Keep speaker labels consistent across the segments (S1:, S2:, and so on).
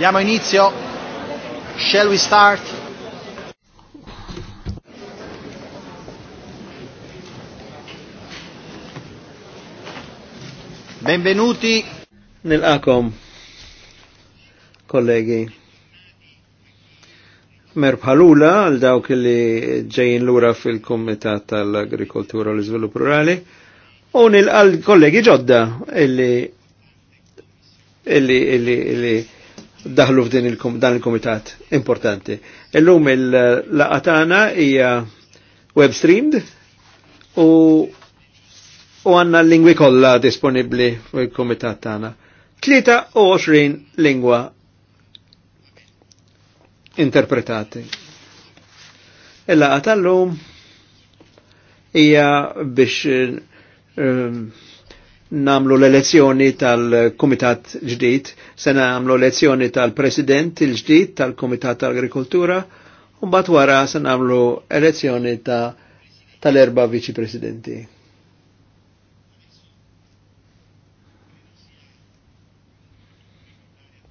S1: Diamo inizio. Shall we start? Benvenuti. nel Acom, colleghi. Merbħalula għal dawk li ġejjin lura fil-Komitat tal-Agrikoltura u l-Iżvilupp Rurali u nil-kollegi ġodda illi illi illi illi daħlu f'din dan il-komitat importanti. Illum il-laqatana hija web streamed u u għanna l-lingwi kollha disponibbli fil-komitat tagħna. 23 lingwa interpretati. Il-laqa tal hija biex ehm, namlu l-elezzjoni tal-Kumitat ġdid, se namlu elezzjoni tal-President il-ġdid tal-Kumitat tal-Agrikoltura, un bat wara se namlu elezzjoni ta tal-erba viċi presidenti.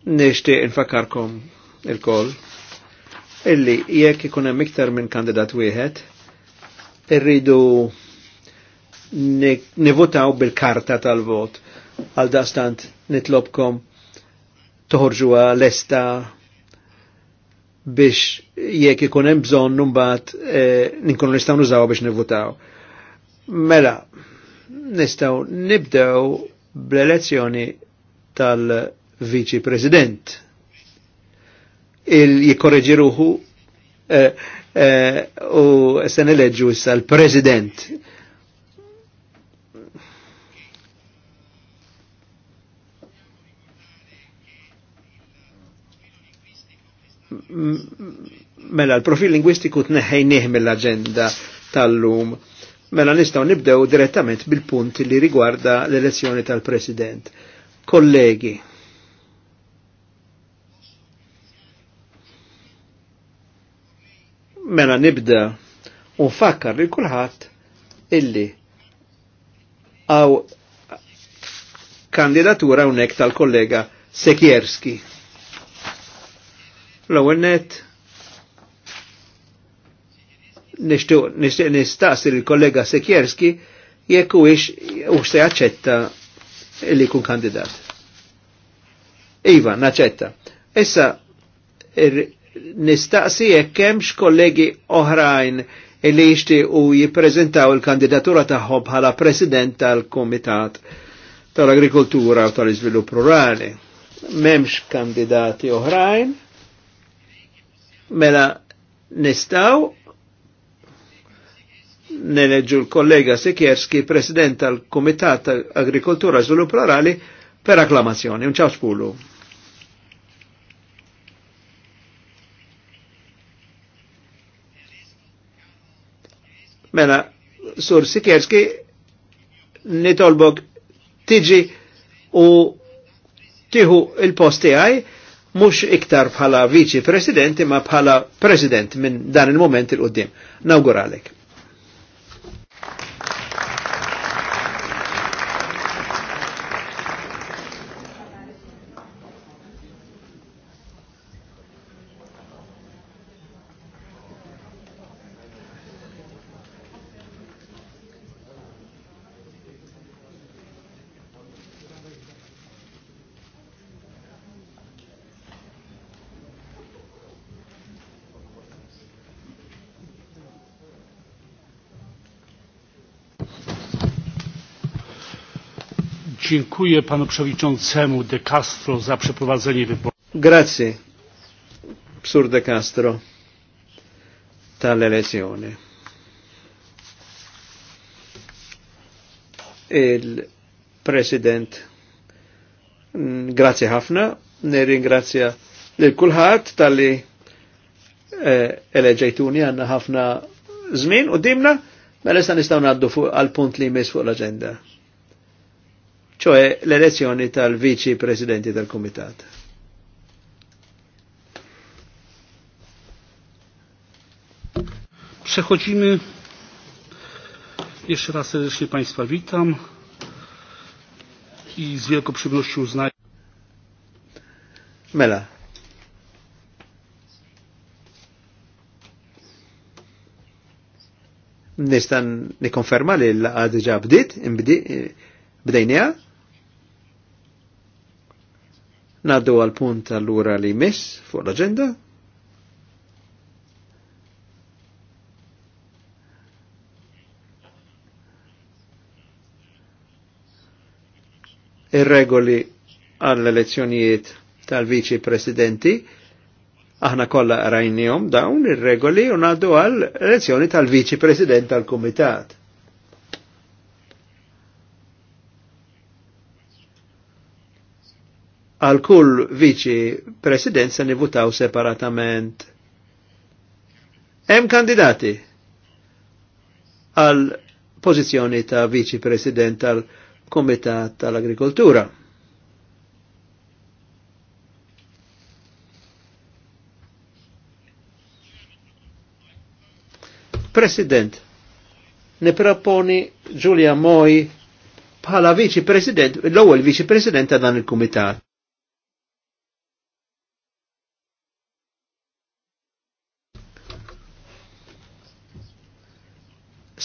S1: Nishti infakarkom il-kol illi jekk ikun hemm iktar minn kandidat wieħed, irridu nivutaw bil-karta tal-vot. Għal dastant nitlobkom toħorġu għal esta biex jekk ikun hemm bżonn mbagħad e, eh, ninkunu nistgħu nużaw biex nivutaw. Mela, nistgħu nibdew bl-elezzjoni tal-Viċi President. Il-jikorreġi ruħu e, e, u se neleġġu issa l-President
S2: mela
S1: l-profil lingwistiku tneħħejnieh mill-aġenda tal-lum. Mela nistgħu nibdew direttament bil-punt li rigwarda l-elezzjoni tal-President. Kollegi, mela nibda u nfakkar li kulħadd illi għaw kandidatura unek tal-kollega Sekjerski. L-ewwel net nixtieq kollega Sekjerski jekk huwiex u se jaċċetta li jkun kandidat. Iva, naċċetta. Issa nistaqsi jekk hemmx kollegi oħrajn li jixti u jippreżentaw il-kandidatura tagħhom bħala president tal-Komitat tal-Agrikoltura u tal-Iżvilupp Rurali. M'hemmx kandidati oħrajn Mela nistaw neleġu l-kollega Sikjerski, president tal-Komitat tal-Agrikoltura Żvilupp Rurali, per akklamazzjoni. Un ċaw spulu. Mela, sur Sikerski, nitolbog tiġi u tiħu il-posti għaj mux iktar bħala viċi Presidenti imma bħala president minn dan il-moment il-qoddim. Nawguralek.
S2: Dziękuję panu przewodniczącemu De Castro za przeprowadzenie wyborów.
S1: Grazie, psur De Castro, tale lezione. Il-President, mm, grazie Hafna, ne ringrazia lil kulħadd tali li eh, eleġejtuni għanna ħafna żmien u dimna, mela issa nistgħu ngħaddu għal punt li jmiss fuq l agenda ċoħe l-elezzjoni tal-viċi presidenti tal-komitat.
S2: Przechodzimy. Jeszcze raz serdecznie Państwa witam i z wielką przyjemnością uznaję. Mela.
S1: Nistan nikonferma li l-għad ġa bdejnija Naddu għal punt allura li miss fuq l-agenda. Ir-regoli għall-elezzjonijiet tal-viċi presidenti, aħna kollha rajnihom dawn ir-regoli u ngħaddu għall elezzjoni tal-viċi president tal-kumitat. għal kull viċi president se nivutaw separatament. Hemm kandidati għal pozizjoni ta' viċi president tal komitat tal-agrikoltura. President, ne proponi Giulia Moi bħala viċi president, l-ewwel viċi president ta' dan il-kumitat.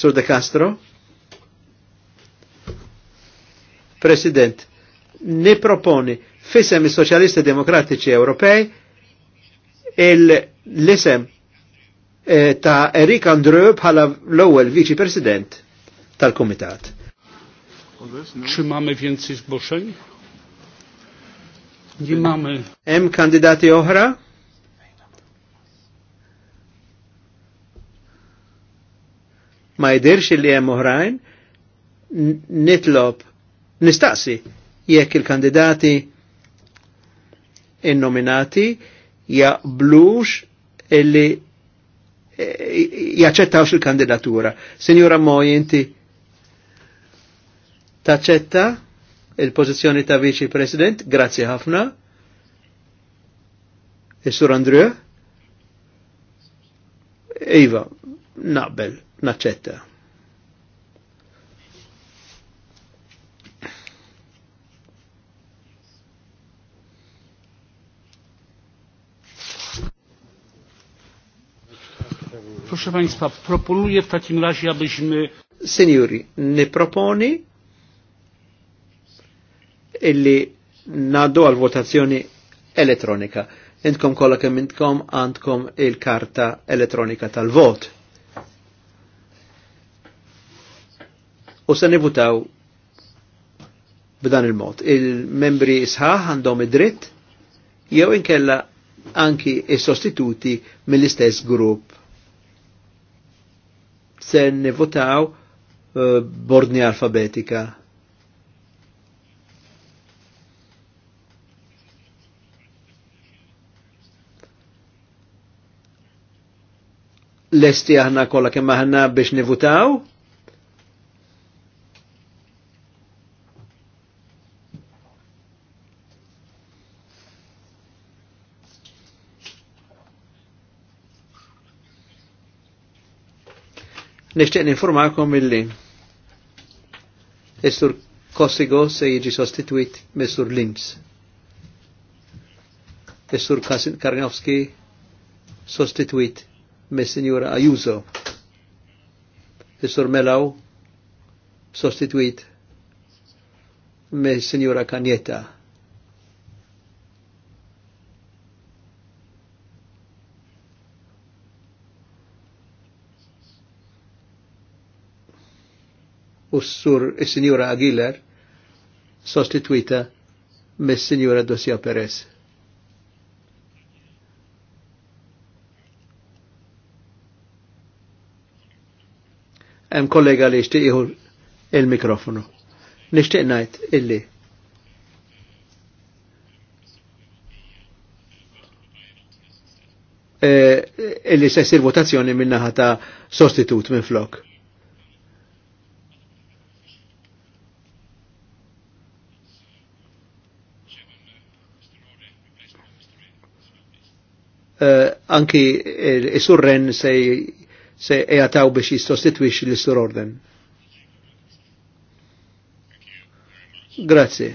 S1: Sur De Castro. President, ne proponi fissem il socialisti demokratici europei l-isem eh, ta' Erik Andrew bħala l-ewwel viċi President tal-Kumitat.
S2: Czy mamy więcej zgłoszeń? Nie mamy. Hemm
S1: kandidati oħra? ma jidirx li hemm oħrajn, nitlob, nistaqsi jekk il-kandidati innominati jaqblux illi eh, jaċċettawx il-kandidatura. Sinjura Moj, inti taċċetta il-pozizjoni ta' viċi president, grazzi ħafna. Is-sur Andrew? Iva, naqbel naċċetta.
S2: Proszę Państwa, proponuję w takim razie, abyśmy... Seniori, ne proponi
S1: illi nadu għal votazzjoni elektronika. Intkom kolla kem intkom għandkom il-karta elektronika tal-vot. u se nivutaw b'dan il-mod. Il-membri sħaħ għandhom id-dritt jew inkella anki is-sostituti mill-istess grupp. Se nivutaw uh, bordni alfabetika. lesti aħna kolla kemm aħna biex nivutaw? Nishtiq ninformakom illi Is-sur Kossigo se jiġi sostituit mis-sur Linz. Is-sur Karnowski sostituit mis-sinjura Ajuso. Is-sur Melaw sostituit mis-sinjura Kanjeta. u s-sur il-Sinjura Aguilar sostituita mis sinjura Dosia Perez. Em kollega li jixtieq il-mikrofonu. Nixtieq ngħid illi eh, illi se votazzjoni minnaħa ta' sostitut minn flok. anki il surren se se jgħataw biex jistostitwix l-istur orden. Grazie.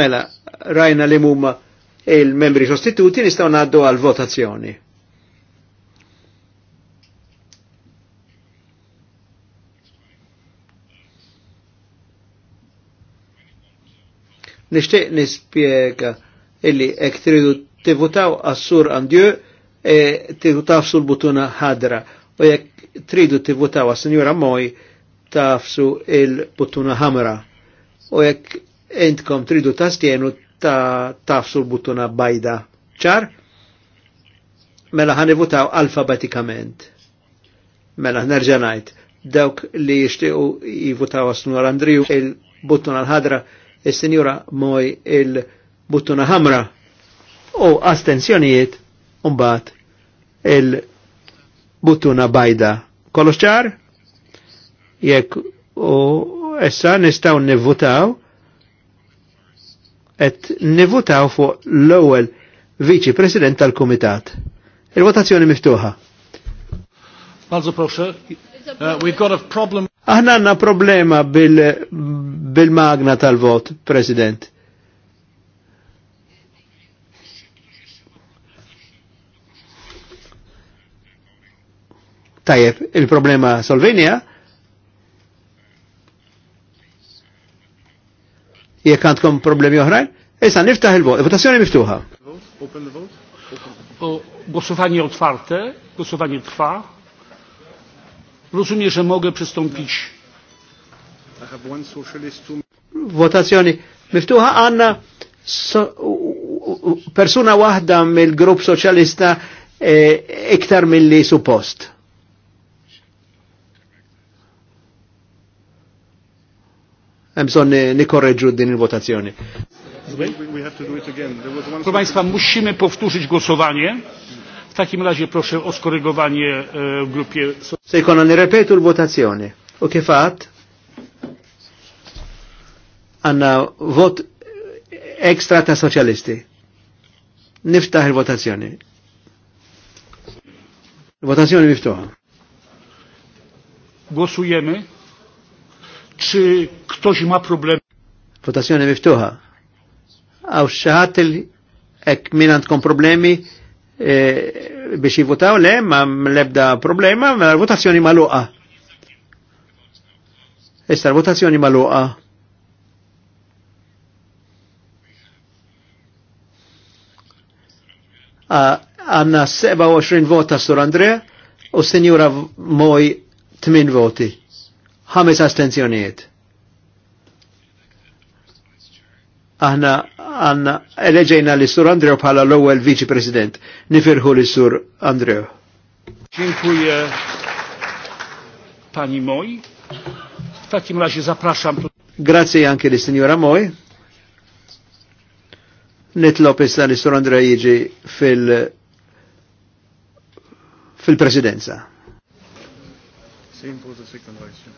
S1: Mela, rajna li mumma il-membri sostituti nistaw naddu għal votazzjoni. Nishtiq nispiega illi ek tridu tivutaw għassur għandju e, tivutaw sul butuna ħadra u jekk tridu tivutaw għas-Sinjura Moj tafsu il butuna ħamra u jekk entkom tridu tastienu ta' tafsu l butuna bajda ċar mela votaw alfabetikament mela nerġanajt dawk li jishtiqu jivutaw għas-Sinjura Andriju il butuna l-ħadra il senjura Moj il-Buttuna Hamra u astenzjonijiet umbat il-Buttuna Bajda. Kollox ċar? Jekk u essa nistaw nivvutaw et nivvutaw fuq l-ewwel viċi president tal-Kumitat. Il-votazzjoni miftuħa.
S2: Bardzo proszę, Uh,
S1: Aħna għanna problema bil-magna bil tal-vot, President. Tajjeb, il-problema Solvenija eh? Jek għandkom problemi oħrajn, issa niftaħ il-vot, votazzjoni miftuħa.
S2: Oh, głosowanie otwarte, głosowanie trwa. Rozumie, że mogę przystąpić. Votazzjoni
S1: miftuħa għanna so, persuna waħda mill-grupp soċjalista e, iktar mill-li suppost. Emson nikorreġu din il-votazzjoni.
S2: Proszę Państwa, musimy powtórzyć głosowanie takim razie proszę o skorygowanie e, w grupie... Sejkona,
S1: repetu l O che fat? Anna vot ekstra ta' soċjalisti. Niftaħ il-votazzjoni. Il-votazzjoni miftuħa.
S2: Głosujemy. Czy ktoś ma problem? Votazzjoni
S1: miftuħa. Aw xaħat il-ek minant kom problemi E, biex jivutaw le ma mlebda problema ma votazzjoni maluqa. Issa l-votazzjoni maluqa. Għanna 27 vota sur Andre u senjura moj 8 voti. 5 astenzjoniet. aħna għanna eleġejna li sur Andrew bħala l-ewwel viċi president. Nifirħu li sur Andrew.
S2: Dziękuję pani Moj. W takim razie zapraszam tu.
S1: Grazie anche li signora Moj. Nitlop issa li sur Andrew jiġi fil fil-presidenza.
S2: Same for the second vice.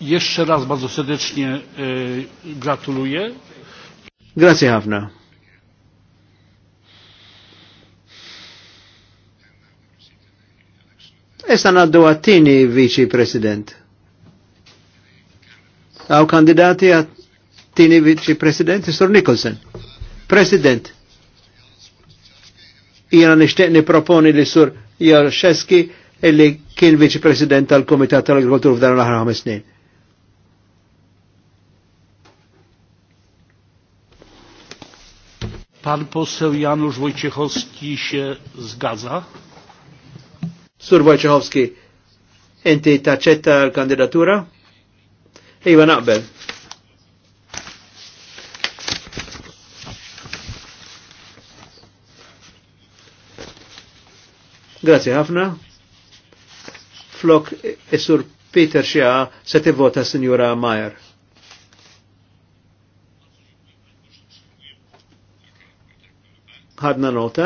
S2: Jeszcze raz bardzo serdecznie e, gratuluję.
S1: Grazie ħafna. Issa e naddu għattini viċi president. Għaw kandidati għattini viċi president, Sir Nicholson. President, jena nishtiq proponi li Sur Jarszewski illi kien viċi president tal-Komitat tal-Agrikoltur f'dan l-ħar ħames snin.
S2: Pan poseł Janusz Wojciechowski się zgadza?
S1: Sur Wojciechowski, inti taċċetta l-kandidatura? Iva naqbel. Grazie Hafna. Flok, is-sur e, e Peter xia se vota, Signora Mayer. ħadna nota.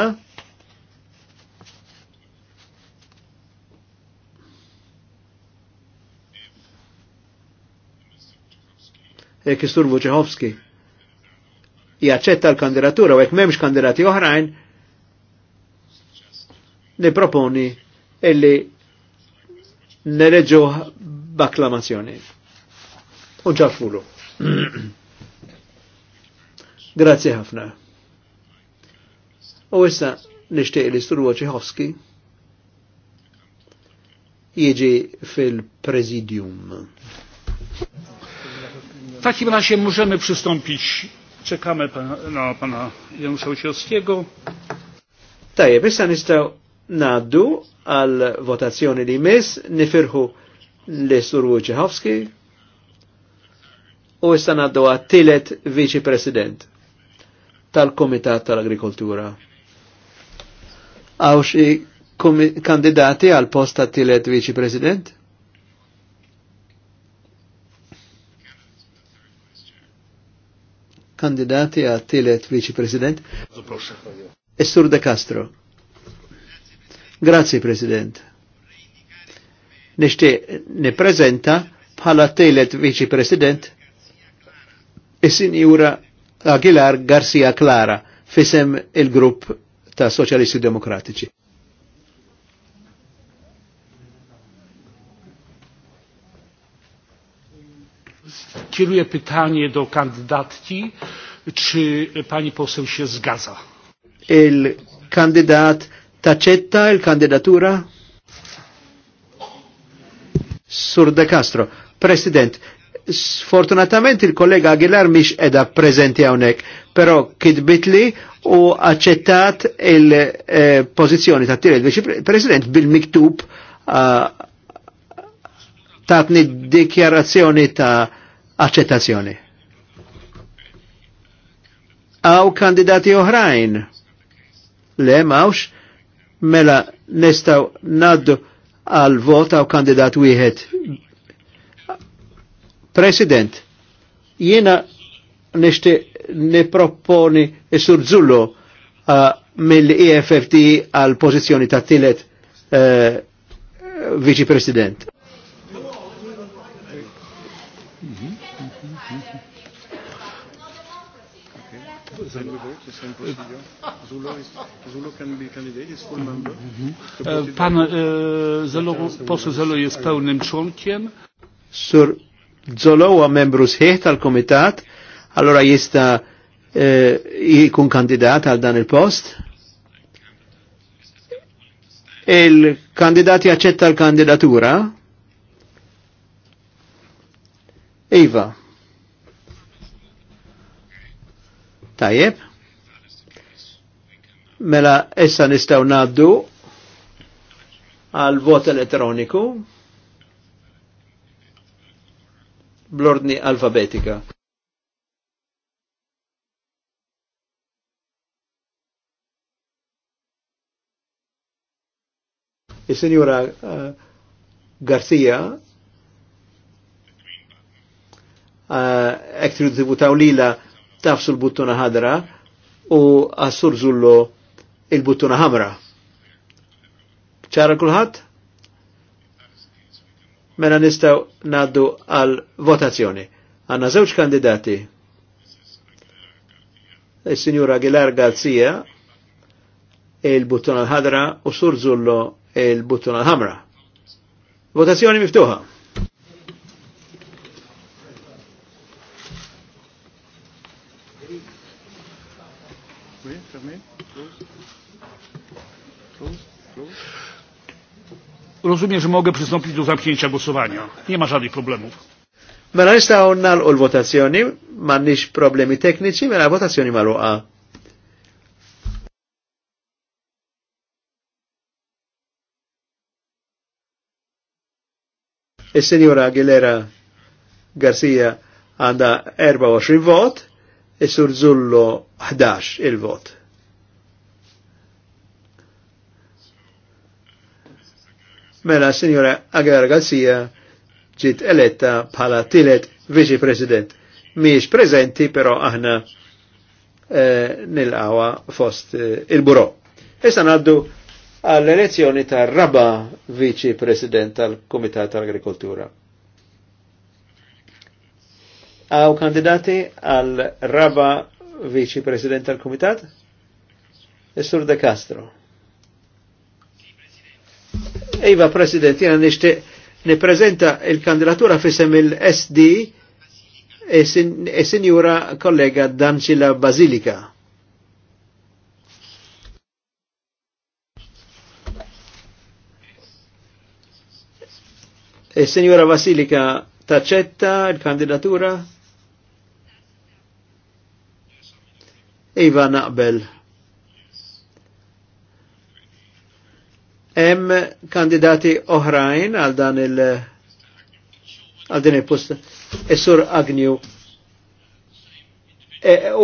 S1: E Kistur Wojciechowski jaċċetta l-kandidatura u jekk m'hemmx kandidati oħrajn, proponi illi nereġu b'akklamazzjoni. Unċarfulu. Grazie ħafna. U issa nishtiq li Stru Wojciechowski jieġi fil-prezidium.
S2: W takim razie możemy przystąpić. Czekamy pana, na pana Janusza Wojciechowskiego. Tajjeb, issa nistaw
S1: naddu għal votazzjoni li mis, nifirħu li sur Wojciechowski u issa naddu għal tilet viċi-president tal-Komitat tal-Agrikoltura. Għaw xie kandidati għal posta tilet viċi president? Kandidati għal tilet viċi president? Essur De Castro. Grazie president. Nishti ne prezenta bħala telet viċi president is-sinjura e Aguilar Garcia Clara fisem il-grupp ta' Soċjalisti Demokratiċi.
S2: Kieruję pytanie do kandydatki, czy pani poseł się zgadza?
S1: Il-kandidat taċetta il-kandidatura? Sur De Castro, President, sfortunatament il-kollega Aguilar miex edha prezenti għonek, pero kidbitli u accettat il-pozizjoni eh, ta' tiret viċi president bil-miktub eh, tatni dikjarazzjoni ta' accettazzjoni. Aw kandidati oħrajn. Le, mawx, mela nistaw naddu għal vot għaw kandidat wieħed President, jiena nishti niproponi Sur Zullo uh, mill-EFFD għal pozizjoni ta' tilet uh, Vice President.
S2: Zullo Pan e, poseł Zelo jest pełnym członkiem.
S1: Sur Zolo huwa membru sħiħ tal-Komitat, allora jista' eh, jkun kandidat għal dan il-post. Il-kandidat jaċċetta l-kandidatura. Iva. Tajjeb. Mela issa nistgħu ngħaddu għal vot elettroniku. bl-ordni alfabetika. Il-Sinjura uh, eh, Garcia eh, ek tridu taw lila tafsu l-buttuna ħadra u għassur zullu il-buttuna ħamra. ċara kulħadd? mela nistaw naddu għal votazzjoni. Għanna żewġ kandidati. Il-Sinjura Aguilar Garcia, il buttona l hadra u Sur Zullo, il buttona l hamra Votazzjoni miftuħa.
S2: Rozumiem, że mogę przystąpić do zamknięcia głosowania. Nie ma żadnych problemów.
S1: Mela nistaw nalqu l-votazzjoni, m'għandniex problemi tekniċi, mela votazzjoni magħluqa. Is-Sinjura Aguilera Garcia għandha 24 vot, is-Sur Zullo 11 il-vot. Mela, Signora Agar Garcia ġit eletta bħala tilet viċi president. Miex prezenti, però aħna eh, nil-għawa fost eh, il-buro. Issa naddu għall-elezzjoni ta' raba viċi president tal-Komitat tal-Agrikoltura. Għaw kandidati għall raba viċi president tal-Komitat? Is-Sur De Castro. Eva President, jena nishtiq niprezenta il-kandidatura fisem il-SD e, signora e kollega Dancila Basilica. E signora Basilica taċetta il-kandidatura? Iva naqbel. Hemm kandidati oħrajn għal dan il- għal din il-post. is e Agnew.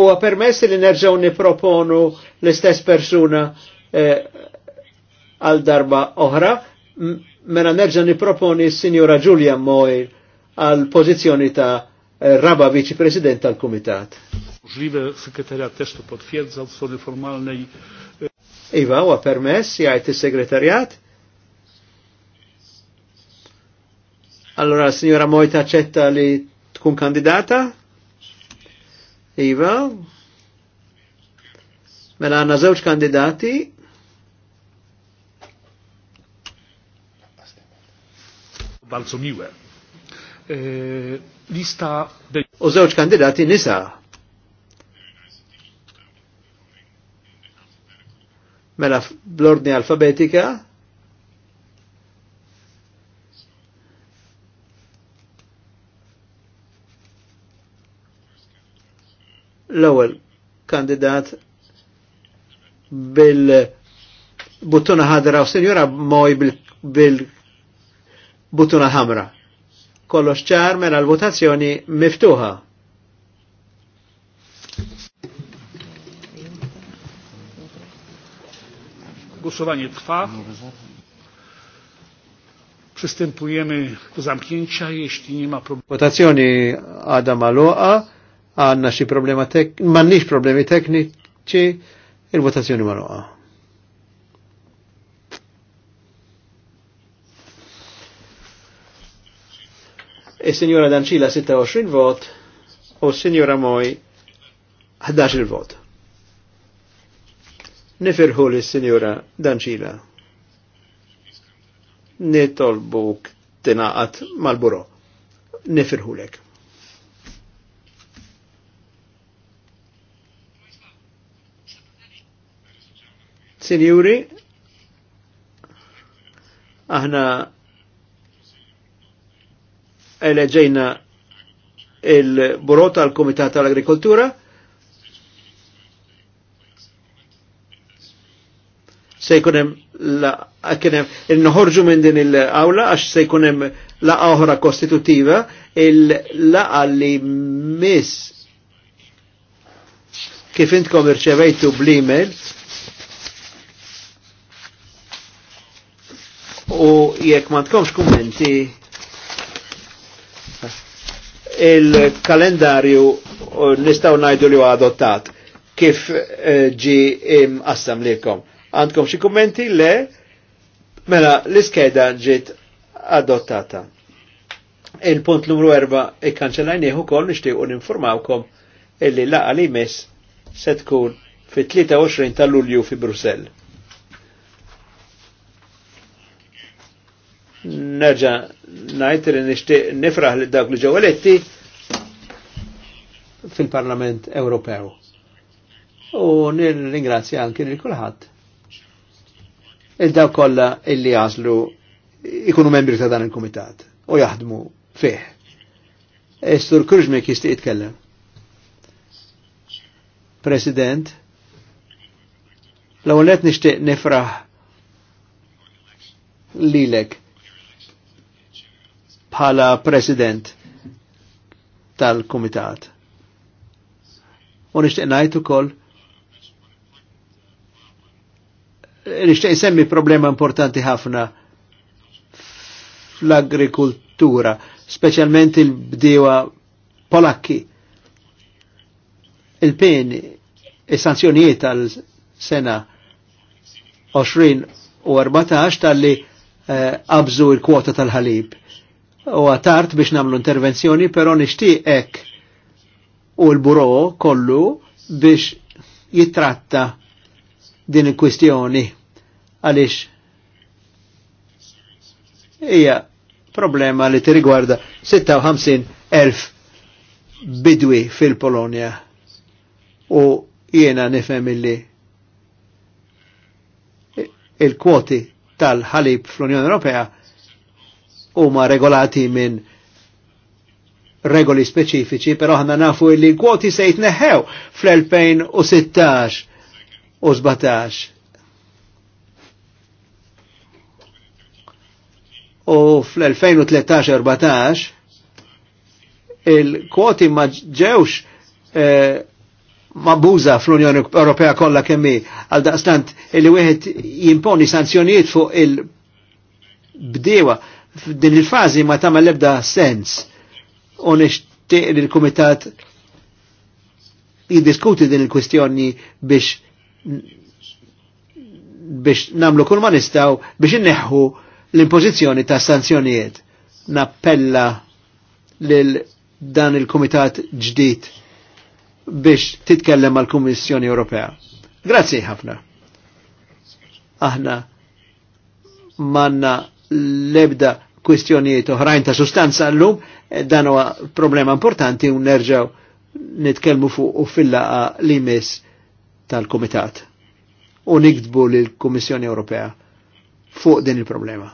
S1: U e, permess li nerġaw niproponu l-istess persuna e, għal e, darba oħra, mela nerġaw niproponi s-Sinjura Giulia Moy għal pozizjoni ta' e, raba viċi president tal komitat
S2: Możliwe sekretarja testu potwierdza w formalnej Iva, huwa
S1: permess, jgħid is-segretarjat. Allora, signora Moj accetta li tkun kandidata? Iva. Mela għanna żewġ kandidati.
S2: Balzo Miwe. Eh, lista... U
S1: żewġ kandidati nisa. Mela bl-ordni alfabetika, l-ewwel kandidat bil-buttuna ħadra u senjura moj bil-buttuna ħamra. Kollox ċar mela l-votazzjoni miftuħa.
S2: Głosowanie trwa. Przystępujemy do zamknięcia, jeśli nie ma problemu. Votazzjoni
S1: għada maluqa, għanna xi problema ma mannix problemi tekniċi, il votazioni Maloa. E signora Dancila 26 e vot o signora Moi 11 vot. Nifirħu li s-Sinjura Danċila. Nitolbuk tinaqat mal-buro. Nifirħu lek. Sinjuri, aħna eleġejna il-buro tal-Komitat tal-Agrikoltura, se jkunem kienem il-noħorġu minn din il-awla għax se jkunem laqa oħra kostitutiva il-laqa li mis kif intkom irċevejtu bl-email u jekk ma tkomx kummenti il-kalendarju nistaw najdu li u adottat kif eh, ġi qassam eh, likom. Għandkom xi kummenti? Le, mela l-iskeda ġiet adottata. Il-punt numru 4 kol ukoll nixtiequ ninformawkom illi laqa li mis se tkun fit-23 ta' Lulju fi Brussell. Nerġa' ngħid li nixtieq nifraħ li dawk li ġew eletti fil-Parlament Ewropew. U nirringrazzja anki lil kulħadd il-daw kolla illi jaslu ikunu membri ta' dan il-komitat u jaħdmu fih. Estur Kruġmi kisti jitkellem. President, l let nishtiq nifraħ lilek bħala president tal-komitat. U nishtiq najtu kol nixtieq semmi problema importanti ħafna fl-agrikultura, speċjalment il-bdiewa polakki. Il-peni, il sanzjonijiet għal sena 20 u 14 tal-li għabżu eh, il-kwota tal-ħalib. U għatart biex namlu intervenzjoni, pero ek u l-buro kollu biex jitratta din il-kwistjoni għaliex hija problema li tirigwarda 56,000 bidwi fil-Polonja u jiena nifhem illi il-kwoti tal-ħalib fl-Unjoni Ewropea huma regolati minn regoli speċifiċi, però ħanna nafu li kwoti se jitneħħew fl-2016 u 17. U fl-2013-14 il-kwoti ma ġewx eh, mabuża fl-Unjoni Ewropea kollha kemmi għal daqstant li wieħed jimponi sanzjonijiet fuq il-bdewa f'din il-fażi ma tagħmel l-ebda sens u nixtieq li l-Kumitat jiddiskuti din il-kwistjoni biex biex namlu kull ma nistaw biex inneħħu l-impożizzjoni ta' sanzjonijiet. Nappella lil dan il-Kumitat ġdid biex titkellem mal kummissjoni Ewropea. Grazzi ħafna. Aħna manna lebda kwistjonijiet oħrajn ta' sustanza llum, eh, dan huwa problema importanti u nerġaw nitkellmu fuq u fil-laqa li miss tal-Komitat u nikdbu l-Komissjoni Ewropea fuq din il-problema.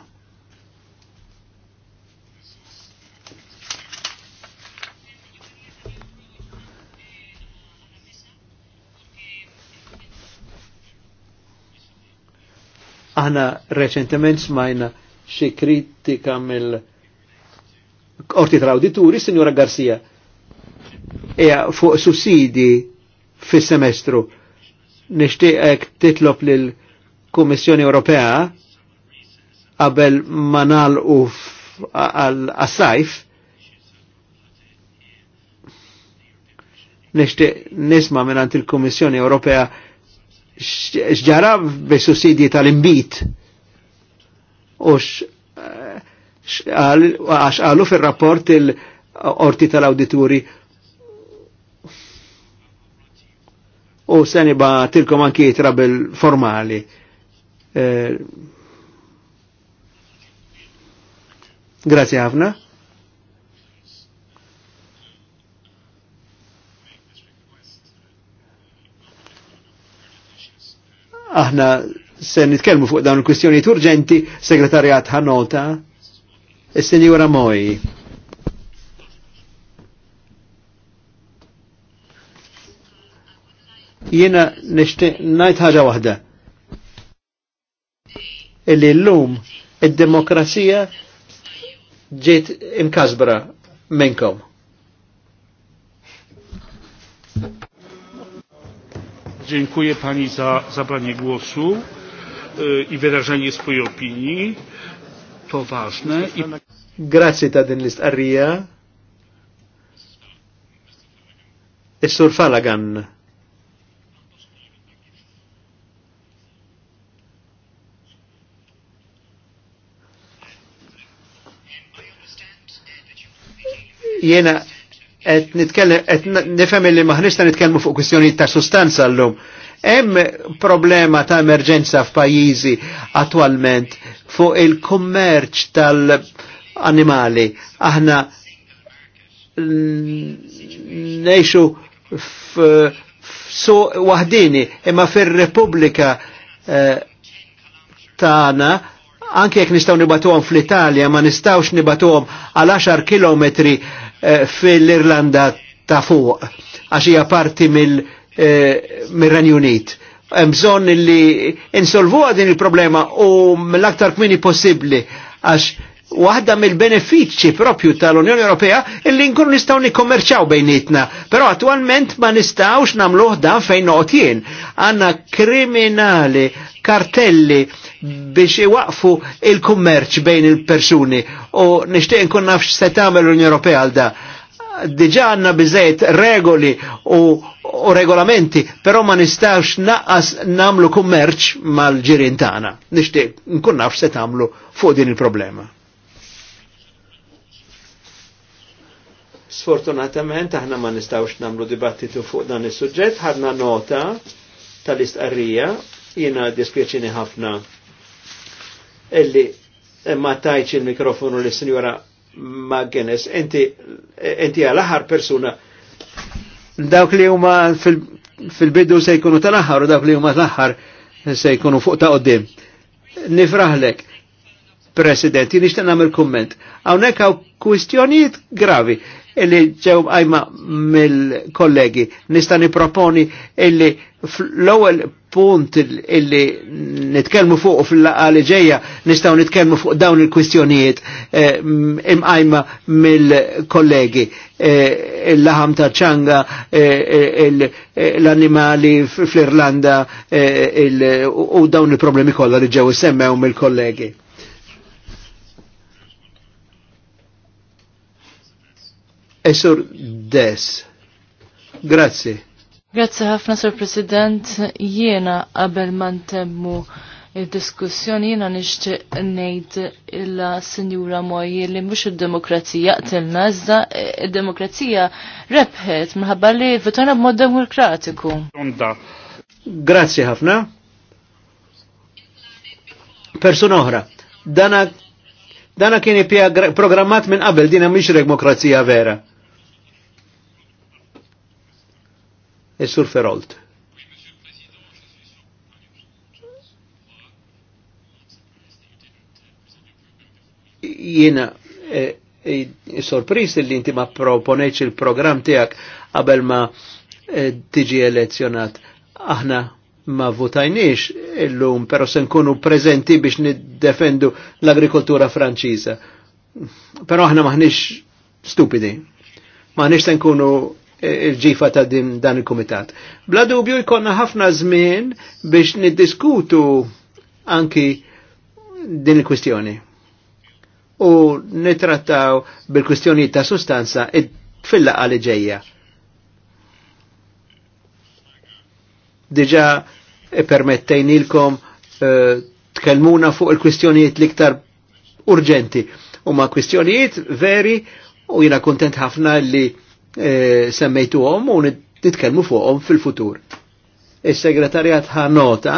S1: Aħna reċentement smajna xi kritika mill Orti tal-Awdituri, Sinjora Garcia, e fuq sussidi fis-semestru nishtiqek titlob lil Kummissjoni Ewropea qabel ma nalqu għas-sajf nishtiq nisma minnant il-Kummissjoni Ewropea xġara bis-sussidji tal-imbit u għax għalu fil-rapport il-orti tal-awdituri u sani ba tilkom anki trabel formali. Eh, grazie ħafna. Aħna se nitkellmu fuq dawn il kwistjoni urġenti, segretarjat ħanota, is senjura Moj. Jiena nixtieq ngħid ħaġa wahda. Illi l-lum, id demokrasija ġiet imkazbra minnkom.
S2: Dziękuję Pani za zabranie głosu e, i wyrażenie swojej opinii. To ważne.
S1: Grazie ta din list arrija. Es sur Falagan. jena qed nitkellem et nifhem li maħniex ta' nitkellmu fuq kwistjonijiet ta' sustanza llum. Hemm problema ta' emerġenza f'pajjiżi attwalment fuq il-kummerċ tal-animali. Aħna nejxu f'su waħdini imma fir-Repubblika eh, tagħna anke jekk nistgħu nibatuhom fl-Italja ma nistgħux nibatuhom għal 10 kilometri Eh, fil-Irlanda ta' fuq, għax hija parti eh, mill-Renju Unit. Hemm bżonn li insolvu din il-problema u mill-aktar kmini possibbli għax waħda mill benefici propju tal-Unjoni Ewropea illi nkunu nistgħu nikkommerċaw bejnietna. Però attualment ma nistawx nagħmluh dan fejn noqgħod Għanna kriminali, kartelli, biex iwaqfu il-kummerċ bejn il-persuni u nishtiq nkun nafx se l-Unjoni Ewropea għal da. Diġà għandna biżejt regoli u, u regolamenti, però ma nistax naqqas namlu kummerċ mal-ġirien tagħna. Nixtieq nkun nafx se tagħmlu fuq din il-problema. Sfortunatament aħna ma nistawx namlu dibattitu fuq dan is-suġġett, ħadna nota tal-istqarrija, jiena dispjaċini ħafna illi ma tajċ il-mikrofonu li signora Maggenes, inti għal ħar persuna dawk li huma fil-bidu se jkunu tal-aħħar u dawk li huma tal-aħħar se jkunu fuq ta' qoddim. Nifraħlek, President, nixtieq nagħmel kumment. Hawnhekk hawn kwistjonijiet gravi illi ġew għajma mill-kollegi. Nista' niproponi illi l-ewwel punt illi nitkelmu fuq fil-laqa li ġeja nistaw nitkelmu fuq dawn il-kwistjonijiet eh, imqajma mill-kollegi eh, il-laħam ta' ċanga eh, l-animali fl-Irlanda u dawn il-problemi kollha li ġew semmew mill-kollegi. Esur Des. Grazie.
S2: Grazzi ħafna, Sir President. Jiena qabel ma ntemmu il-diskussjoni jiena nixtieq ngħid illa Sinjura Moj li mhux id-demokrazija qtilna iżda id-demokrazija rebħet minħabba li votajna b'mod demokratiku.
S1: Grazzi ħafna. Persuna oħra, dana, dana kien programmat minn qabel dina mhix demokrazija vera. Is-Sur e Ferolt. Jiena e, e, sorpris li inti ma proponeċ il-programm tiegħek qabel ma tiġi elezzjonat. Aħna ma votajniex illum, pero se nkunu prezenti biex niddefendu l-agrikoltura franċiża. Pero aħna maħniex stupidi. Maħniex se nkunu il-ġifa ta' din dan il-komitat. Bla dubju jkonna ħafna żmien biex niddiskutu anki din il-kwistjoni. U nitrattaw bil-kwistjoni ta' sustanza id-tfilla li ġejja. Diġa permettejnilkom uh, eh, tkellmuna fuq il-kwistjonijiet liktar urġenti. U ma kwistjonijiet veri u jina kontent ħafna li E, semmejtuhom u nitkellmu fuqhom fil-futur. Is-segretarjat ħa nota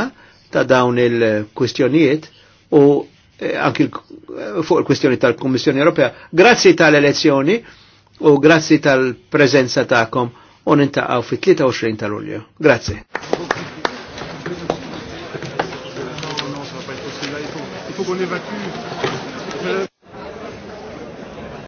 S1: ta' dawn il-kwistjonijiet u e, anki fuq il-kwistjoni tal-Kummissjoni Ewropea. Grazzi tal-elezzjoni u grazzi tal prezenza tagħkom u nintaqaw fit-23 tal-Ulju. Grazzi.
S2: Il faut qu'on évacue.